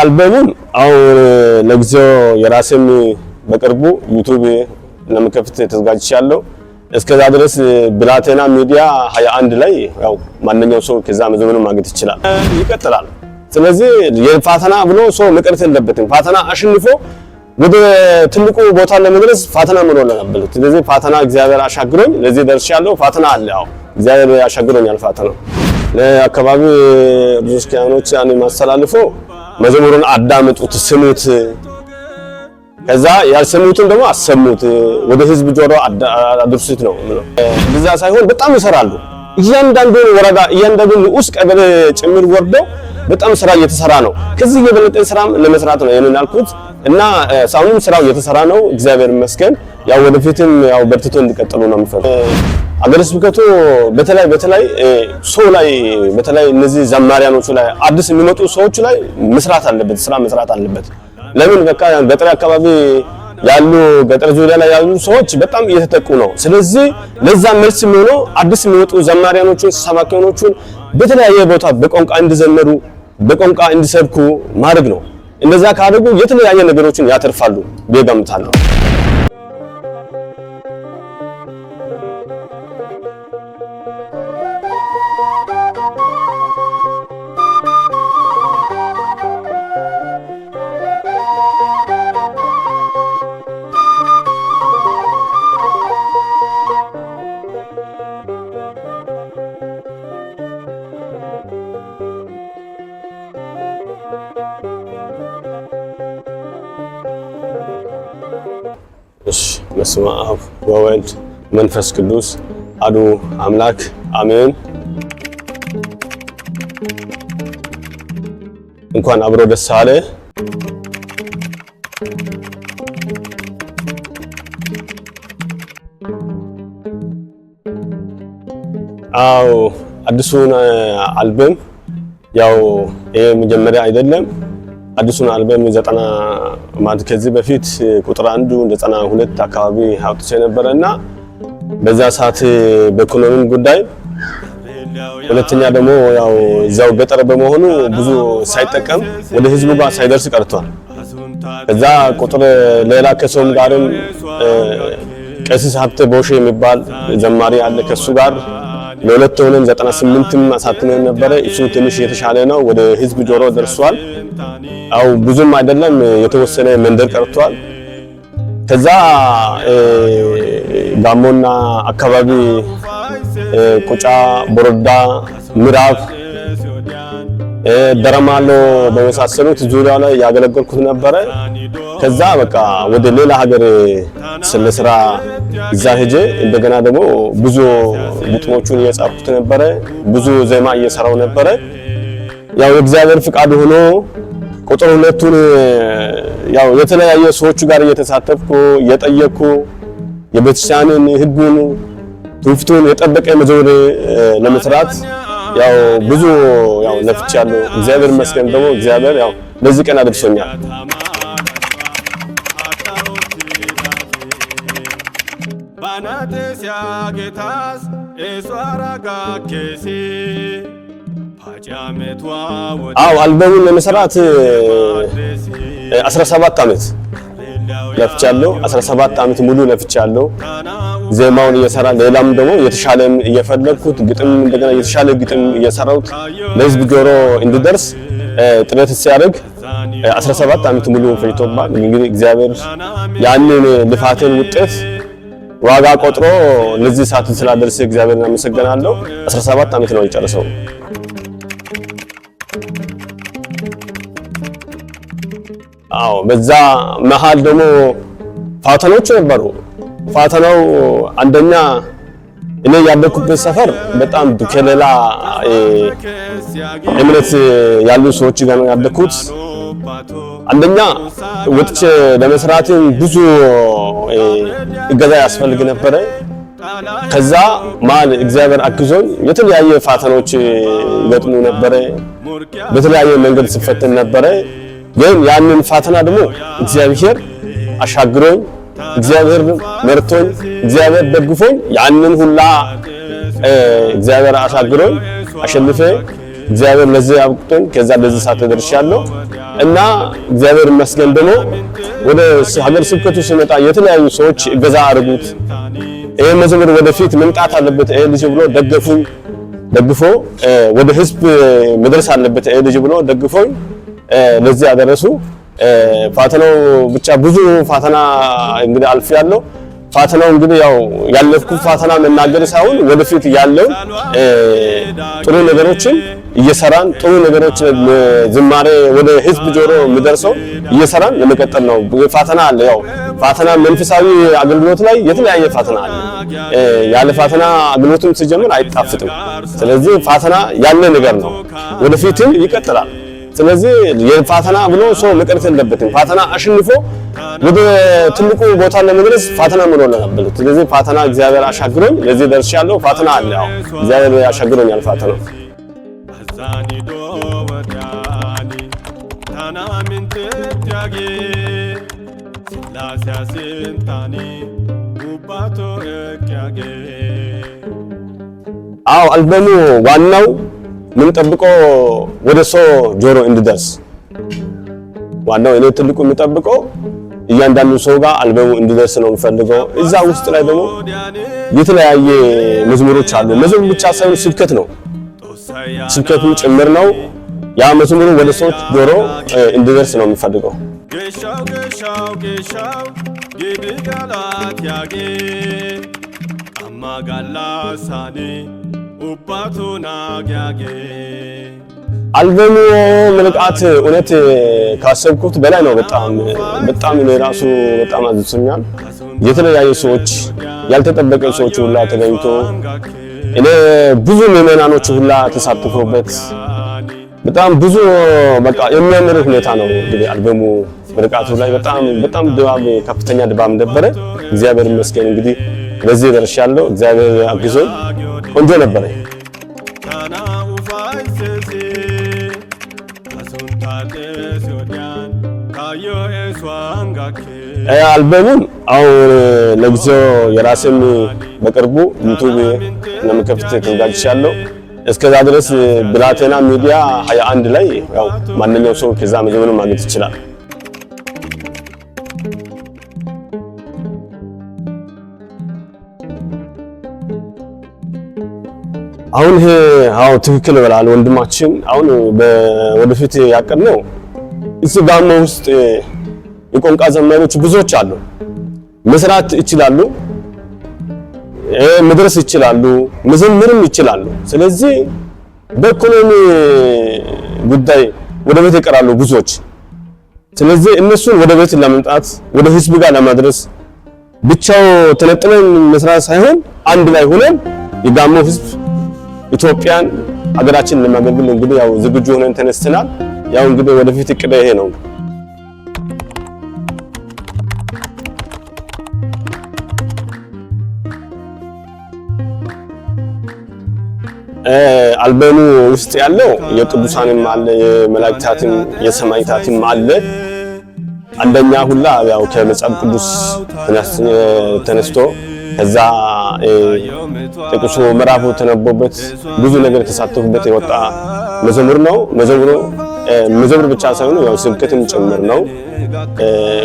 አልበሙም አሁን ለጊዜው የራሴም በቅርቡ ዩቱብ ለመከፍት ተዘጋጅቻለሁ። እስከዛ ድረስ ብላቴና ሚዲያ 21 ላይ ያው ማንኛውም ሰው ከዛ መዘመኑ ማግኘት ይችላል። ይቀጥላል። ስለዚህ የፋተና ብሎ ሰው መቅረት የለበትም። ፋተና አሸንፎ ወደ ትልቁ ቦታ ለመድረስ ፋተና ምን ሆነ ስለዚህ ፋተና እግዚአብሔር አሻግሮኝ ለዚህ ደርሻለሁ። ፋተና አለ። አዎ እግዚአብሔር አሻግሮኛል። ፋተና ለአካባቢ ብዙ ክርስቲያኖች ማስተላልፎ መዝሙሩን አዳምጡት፣ ስሙት። ከዛ ያልሰሙትን ደግሞ አሰሙት፣ ወደ ህዝብ ጆሮ አድርሱት ነው ምነው። እንደዛ ሳይሆን በጣም ይሰራሉ። እያንዳንዱ ወረዳ፣ እያንዳንዱ ንዑስ ቀበሌ ጭምር ወርዶ በጣም ስራ እየተሰራ ነው። ከዚህ የበለጠ ስራም ለመስራት ነው ይሄንን ያልኩት እና ሳሙን ስራው እየተሰራ ነው። እግዚአብሔር ይመስገን። ያው ወደፊትም ያው በርትቶ እንዲቀጥሉ ነው የሚፈልገው። አገረ ስብከቱ በተለይ በተለይ ሰው ላይ በተለይ እነዚህ ዘማሪያኖቹ ላይ አዲስ የሚመጡ ሰዎች ላይ መስራት አለበት፣ ስራ መስራት አለበት። ለምን በቃ ገጠር አካባቢ ያሉ ገጠር ዙሪያ ላይ ያሉ ሰዎች በጣም እየተጠቁ ነው። ስለዚህ ለዛ መልስ የሚሆነው አዲስ የሚወጡ ዘማሪያኖቹን ሰባኪያኖቹን በተለያየ ቦታ በቋንቋ እንዲዘመሩ በቋንቋ እንዲሰብኩ ማድረግ ነው። እንደዛ ካደረጉ የተለያየ ነገሮችን ያተርፋሉ ብዬ በስመ አብ ወወልድ መንፈስ ቅዱስ አሐዱ አምላክ አሜን። እንኳን አብሮ ደስ አለ። አዎ አዲሱን አልበም ያው ይሄ መጀመሪያ አይደለም አዲሱን አልበም ዘጠና ማለት ከዚህ በፊት ቁጥር አንዱ ዘጠና ሁለት አካባቢ አውጥቼ ነበረ እና በዛ ሰዓት በኢኮኖሚም ጉዳይ ሁለተኛ ደግሞ ያው እዛው ገጠር በመሆኑ ብዙ ሳይጠቀም ወደ ህዝቡ ጋር ሳይደርስ ቀርቷል። ከዛ ቁጥር ሌላ ከሰውም ጋርም ቀሲስ ሀብተ ቦሼ የሚባል ዘማሪ አለ ከሱ ጋር ለሁለት ሆነን ዘጠና ም አሳትመን ነበረ። እሱ ትንሽ የተሻለ ነው፣ ወደ ህዝብ ጆሮ ደርሷል። አው ብዙም አይደለም፣ የተወሰነ መንደር ቀርቷል። ከዛ ጋሞና አካባቢ ቁጫ፣ ቦረዳ፣ ምዕራብ ደረማሎ በመሳሰሉት ዙሪያ ላይ ያገለገልኩት ነበረ። ከዛ በቃ ወደ ሌላ ሀገር ስለ ስራ እዛ ሄጄ እንደገና ደግሞ ብዙ ግጥሞቹን እየጻፍኩት ነበረ። ብዙ ዜማ እየሰራው ነበረ። ያው እግዚአብሔር ፍቃድ ሆኖ ቁጥር ሁለቱን ያው የተለያየ ሰዎቹ ጋር እየተሳተፍኩ እየጠየቅኩ የቤተክርስቲያንን ህጉን ትውፊቱን የጠበቀ መዝሙር ለመስራት ያው ብዙ ያው ለፍቻለሁ። እግዚአብሔር ይመስገን ደግሞ እግዚአብሔር ያው ለዚህ ቀን አድርሶኛል። ነጥስያ ጌታስ እሱ አረጋኬሲ አው አልበሙን ለመስራት 17 ዓመት ለፍቻለሁ። 17 ዓመት ሙሉ ለፍቻለሁ። ዜማውን እየሰራ ሌላም ደግሞ የተሻለ እየፈለግኩት ግጥም እንደገና የተሻለ ግጥም እየሰራሁት ለህዝብ ጆሮ እንዲደርስ ጥረት ሲያደርግ 17 ዓመት ሙሉ ፈጅቶባል። እንግዲህ እግዚአብሔር ያንን ልፋትን ውጤት ዋጋ ቆጥሮ ለዚህ ሰዓት ስላደረሰ እግዚአብሔርን አመሰግናለሁ። 17 ዓመት ነው የጨረሰው። አዎ በዛ መሃል ደግሞ ፋተናዎች ነበሩ። ፋተናው አንደኛ እኔ ያደኩበት ሰፈር በጣም ከሌላ እምነት ያሉ ሰዎች ጋር ነው አንደኛ ወጥቼ ለመስራቴም ብዙ እገዛ ያስፈልግ ነበረ። ከዛ ማል እግዚአብሔር አግዞኝ የተለያየ ፈተናዎች ይገጥሙ ነበረ። በተለያየ መንገድ ስፈትን ነበረ። ግን ያንን ፈተና ደግሞ እግዚአብሔር አሻግሮኝ፣ እግዚአብሔር መርቶኝ፣ እግዚአብሔር ደግፎኝ ያንን ሁላ እግዚአብሔር አሻግሮኝ አሸንፌ እግዚአብሔር ለዚህ አብቅቶኝ ከዛ ለዚህ ሰዓት ተደርሻለሁ እና እግዚአብሔር ይመስገን። ደግሞ ወደ ሀገር ስብከቱ ሲመጣ የተለያዩ ሰዎች እገዛ አድርጉት፣ ይሄ መዝሙር ወደፊት መምጣት አለበት ይሄ ልጅ ብሎ ደገፉኝ። ደግፎ ወደ ህዝብ መድረስ አለበት ይሄ ልጅ ብሎ ደግፎኝ ለዚህ አደረሱ። ፋተናው ብቻ ብዙ ፋተና እንግዲህ አልፌያለሁ። ፋተናው እንግዲህ ያው ያለፍኩ ፋተና መናገር ሳይሆን ወደፊት ያለው ጥሩ ነገሮችን እየሰራን ጥሩ ነገሮች ዝማሬ ወደ ህዝብ ጆሮ የሚደርሰው እየሰራን ለመቀጠል ነው። ፋተና አለ። ያው ፋተና መንፈሳዊ አገልግሎት ላይ የተለያየ ፋተና አለ። ያለ ፋተና አገልግሎትም ሲጀምር አይጣፍጥም። ስለዚህ ፋተና ያለ ነገር ነው፣ ወደፊትም ይቀጥላል። ስለዚህ የፋተና ብሎ ሰው መቅረት የለበትም። ፋተና አሸንፎ ወደ ትልቁ ቦታ ለመድረስ ፋተና ምን ሆነ ስለዚህ ፋተና እግዚአብሔር አሻግሮኝ ለዚህ ደርሻለሁ። ፋተና አለ። ያው እግዚአብሔር አሻግሮኛል ፋተና isaanii doowadhaani taana aminteetti agee sillaasiyaa sintaanii gubbaatoo eqi agee አዎ አልበሙ ዋናው ምን ጠብቆ ወደ ሰው ጆሮ እንዲደርስ ዋናው እኔ ትልቁ የምጠብቀው እያንዳንዱ ሰው ጋር አልበሙ እንዲደርስ ነው የምፈልገው። እዛ ውስጥ ላይ ደግሞ የተለያየ መዝሙሮች አሉ። መዝሙር ብቻ ሳይሆን ስብከት ነው። ስብከቱም ጭምር ነው። የአመቱ ሙሉ ወደ ሰዎች ጆሮ እንዲደርስ ነው የሚፈልገው። ጌሻው ጌሻው ጌሻው ጋላት ያጌ ሳኔ አልበሙ ምልቃት እውነት ካሰብኩት በላይ ነው። በጣም በጣም እኔ ራሱ በጣም አዝሶኛል። የተለያዩ ሰዎች ያልተጠበቀ ሰዎች ሁላ ተገኝቶ እኔ ብዙ ምዕመናኖች ሁላ ተሳትፎበት በጣም ብዙ በቃ የሚያምር ሁኔታ ነው። እንግዲህ አልበሙ ምርቃቱ ላይ በጣም በጣም ድባብ ከፍተኛ ድባብ ነበረ። እግዚአብሔር ይመስገን እንግዲህ በዚህ ደርሻለሁ። እግዚአብሔር አግዞኝ ቆንጆ ነበረ። አልበምም አሁን ለጊዜው የራሴም በቅርቡ ዩቱብ ለመከፍት ተዘጋጅቻለሁ። እስከዛ ድረስ ብላቴና ሚዲያ 21 ላይ ያው ማንኛውም ሰው ከዛ መዘመኑ ማግኘት ይችላል። አሁን ይሄ አዎ ትክክል ብላል ወንድማችን። አሁን ወደፊት ያቀድነው እሱ ጋሞ ውስጥ የቋንቋ ዘማኞች ብዙዎች አሉ። መስራት ይችላሉ፣ መድረስ ይችላሉ፣ መዘመርም ይችላሉ። ስለዚህ በኢኮኖሚ ጉዳይ ወደ ቤት ይቀራሉ ብዙዎች። ስለዚህ እነሱን ወደ ቤት ለመምጣት ወደ ህዝብ ጋር ለማድረስ ብቻው ተነጥለን መስራት ሳይሆን አንድ ላይ ሆነን የጋሞ ህዝብ ኢትዮጵያን ሀገራችንን ለማገልገል እንግዲህ ያው ዝግጁ ሆነን ተነስተናል። ያው እንግዲህ ወደፊት እቅድ ይሄ ነው። አልበሙ ውስጥ ያለው የቅዱሳንም አለ የመላእክታትም የሰማዕታትም አለ። አንደኛ ሁላ ያው ከመጽሐፍ ቅዱስ ተነስቶ ከዛ ጥቅሱ ምዕራፉ ተነቦበት ብዙ ነገር ተሳተፉበት የወጣ መዘምር ነው። መዘምሩ መዘሙር ብቻ ሳይሆን ያው ስብከትም ጭምር ነው።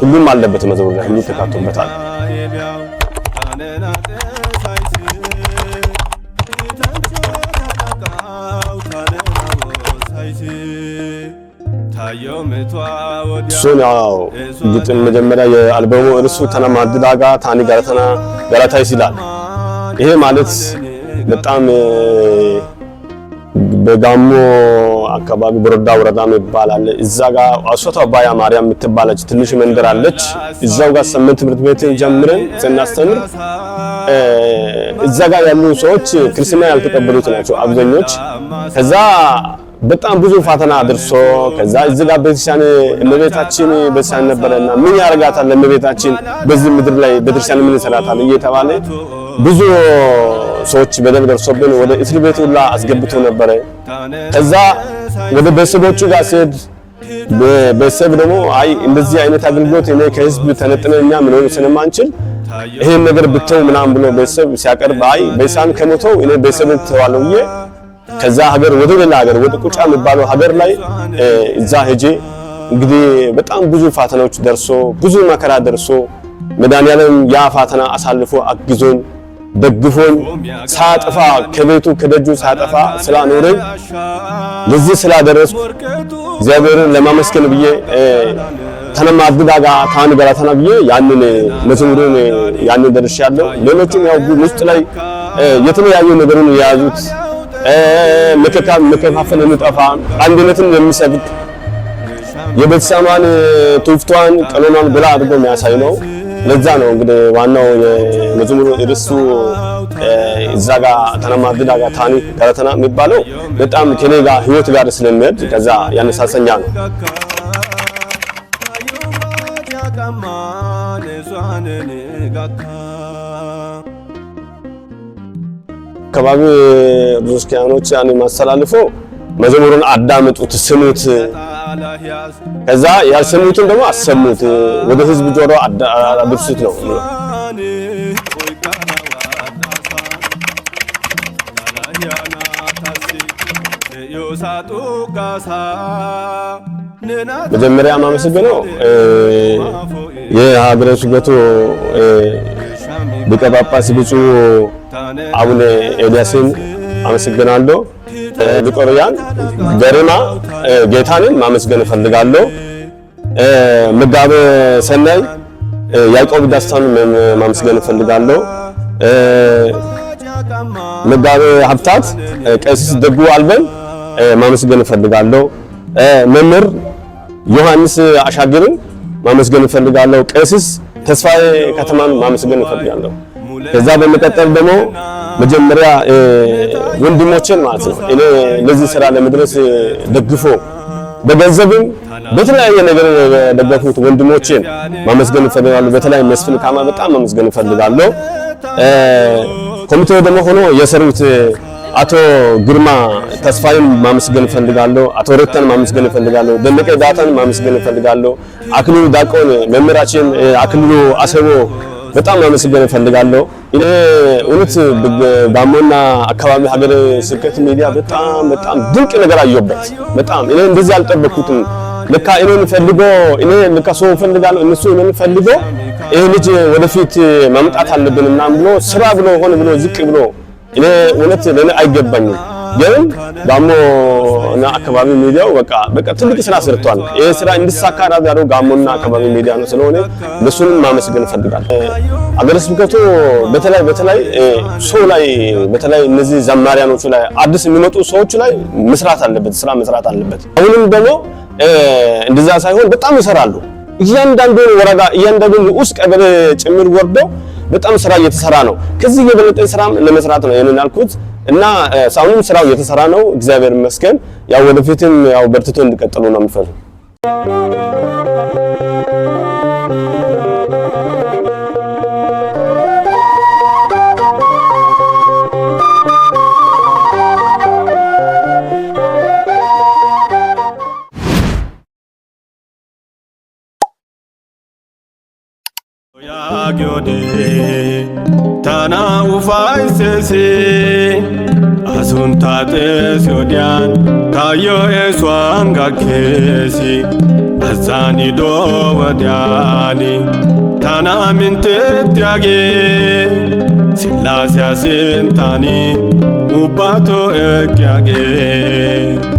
ሁሉም አለበት መዘሙር ላይ ሁሉ ተካቶበታል። እሱን ያው ግጥም መጀመሪያ የአልበሙ እርሱ ተናማድዳ ጋር ታኒ ጋርተና ጋራታይስ ይላል። ይሄ ማለት በጣም በጋሞ አካባቢ ቦረዳ ወረዳ የሚባል አለ። እዛ ጋር አሶቷ አባያ ማርያም የምትባለች ትንሽ መንደር አለች። እዛው ጋር ሰመንት ትምህርት ቤትን ጀምረን ስናስተምር እዛ ጋር ያሉ ሰዎች ክርስትና ያልተቀበሉት ናቸው አብዛኞች ከዛ በጣም ብዙ ፈተና አድርሶ ከዛ እዚህ ጋር ቤተክርስቲያን እመቤታችን ቤተክርስቲያን ነበረና ምን ያደርጋታል እመቤታችን በዚህ ምድር ላይ ቤተክርስቲያን ምን ይሰራታል እየተባለ ብዙ ሰዎች በደል ደርሶብን ወደ እስር ቤት ሁላ አስገብቶ ነበረ። ከዛ ወደ ቤተሰቦቹ ጋር ሲሄድ ቤተሰብ ደግሞ አይ እንደዚህ አይነት አገልግሎት እኔ ከህዝብ ተነጥለን እኛ ምን ሆነ ስለማንችል ይሄን ነገር ብተው ምናምን ብሎ ቤተሰብ ሲያቀርብ አይ ቤተክርስቲያን ከሞተው እኔ ቤተሰብ ተዋለውዬ ከዛ ሀገር ወደ ሌላ ሀገር ወደ ቁጫ የሚባለው ሀገር ላይ እዛ ሄጄ እንግዲህ በጣም ብዙ ፈተናዎች ደርሶ ብዙ መከራ ደርሶ መድኃኒዓለም ያ ፈተና አሳልፎ አግዞን ደግፎኝ ሳጠፋ ከቤቱ ከደጁ ሳጠፋ ስላኖረኝ ለዚህ ስላደረስኩ እግዚአብሔርን ለማመስገን ብዬ ተነማድዳ ጋር ታን ገላታና ብዬ ያንን መዝሙሩን ያንን ደርሻለሁ። ሌሎችም ያው ውስጥ ላይ የተለያዩ ነገሩን የያዙት መከካም መከፋፈል የሚጠፋ አንድነትን የሚሰብክ የቤተሰማን ትውፍቷን ቀኖኗን ብላ አድርጎ የሚያሳይ ነው። ለዛ ነው እንግዲህ ዋናው የመዝሙሩ ርሱ እዛ ጋ ተነማድዳ ጋ ታኒ ተረተና የሚባለው በጣም ከኔ ጋር ህይወት ጋር ስለሚሄድ ከዛ ያነሳሰኛ ነው። አካባቢ ብዙ ክርስቲያኖች ያን የማስተላልፈው መዝሙሩን አዳምጡት፣ ስሙት። ከዛ ያልሰሙትን ደግሞ አሰሙት፣ ወደ ህዝብ ጆሮ አድርሱት ነው። መጀመሪያ ማመስገነው የሀገረ ስብከቱ ሊቀ ጳጳስ ብፁዕ አቡነ ኤልያስን አመሰግናለሁ። ሊቆሪያን ገሪማ ጌታንን ማመስገን እፈልጋለሁ። መጋቤ ሰናይ ያዕቆብ ዳስታን ማመስገን እፈልጋለሁ። መጋቤ ሀብታት ቀሲስ ደጉ አልበን ማመስገን እፈልጋለሁ። መምህር ዮሐንስ አሻግርን ማመስገን እፈልጋለሁ። ቀሲስ ተስፋዬ ከተማን ማመስገን እፈልጋለሁ። ከዛ በመቀጠል ደግሞ መጀመሪያ ወንድሞችን ማለት ነው እኔ ለዚህ ስራ ለመድረስ ደግፎ በገንዘብም በተለያየ ነገር ደገፉት ወንድሞችን ማመስገን እፈልጋለሁ። በተለይ መስፍን ካማ በጣም ማመስገን እፈልጋለሁ። ኮሚቴው ደግሞ ሆኖ የሰሩት አቶ ግርማ ተስፋዬን ማመስገን እፈልጋለሁ። አቶ ረተን ማመስገን እፈልጋለሁ። ደመቀ ዳታን ማመስገን እፈልጋለሁ። አክሊሉ ዳቆን መምህራችን አክሊሉ አሰቦ በጣም ማመስገን እፈልጋለሁ። እኔ እውነት ጋሞና አካባቢ ሀገር ስብከት ሚዲያ በጣም በጣም ድንቅ ነገር አየሁበት። በጣም እኔ እንደዚህ አልጠበኩትም። ለካ እኔን ፈልጎ እኔ ለካ ሰው ፈልጋለሁ እነሱ እኔን ፈልጎ ይሄ ልጅ ወደፊት ማምጣት አለብን ምናምን ብሎ ስራ ብሎ ሆነ ብሎ ዝቅ ብሎ እኔ እውነት ለእኔ አይገባኝም። ግን ጋሞ እና አካባቢ ሚዲያው በቃ በቃ ትልቅ ስራ ሰርቷል። ይሄ ስራ እንዲሳካ ያደረገው ጋሞና አካባቢ ሚዲያ ነው። ስለሆነ እነሱንም ማመስገን እፈልጋለሁ። አገረ ስብከቱ በተለይ በተለይ ሰው ላይ በተለይ እነዚህ ዘማሪያኖቹ ላይ አዲስ የሚመጡ ሰዎች ላይ መስራት አለበት፣ ስራ መስራት አለበት። አሁንም ደግሞ እንደዛ ሳይሆን በጣም ይሰራሉ። እያንዳንዱ ወረዳ እያንዳንዱ ውስጥ ቀበሌ ጭምር ወርደው በጣም ስራ እየተሰራ ነው። ከዚህ የበለጠ ስራም ለመስራት ነው ይሄንን ያልኩት እና ሳውንም ስራው እየተሰራ ነው። እግዚአብሔር ይመስገን። ያው ወደፊትም ያው በርትቶ እንዲቀጥሉ ነው የምፈልግ Tanaa ufansisi asun taates yodiyaan kaayyo eeswaan gakkeesi azaani doowadiyaani tanaa minteetti agee sillaasiyaa sintaani mubbaatoo eekki agee.